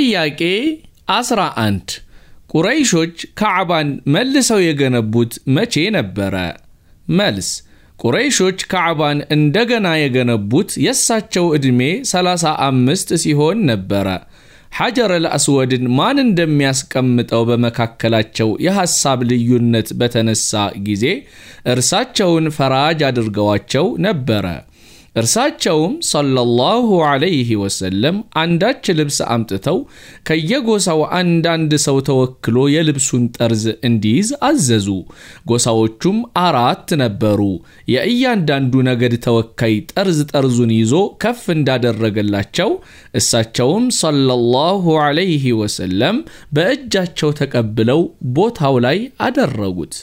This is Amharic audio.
ጥያቄ 11 ቁረይሾች ካዕባን መልሰው የገነቡት መቼ ነበረ? መልስ ቁረይሾች ካዕባን እንደገና የገነቡት የእሳቸው ዕድሜ 35 ሲሆን ነበረ። ሐጀር አስወድን ማን እንደሚያስቀምጠው በመካከላቸው የሐሳብ ልዩነት በተነሳ ጊዜ እርሳቸውን ፈራጅ አድርገዋቸው ነበረ። እርሳቸውም ሰለላሁ አለይህ ወሰለም አንዳች ልብስ አምጥተው ከየጎሳው አንዳንድ ሰው ተወክሎ የልብሱን ጠርዝ እንዲይዝ አዘዙ። ጎሳዎቹም አራት ነበሩ። የእያንዳንዱ ነገድ ተወካይ ጠርዝ ጠርዙን ይዞ ከፍ እንዳደረገላቸው እሳቸውም ሰለላሁ አለይህ ወሰለም በእጃቸው ተቀብለው ቦታው ላይ አደረጉት።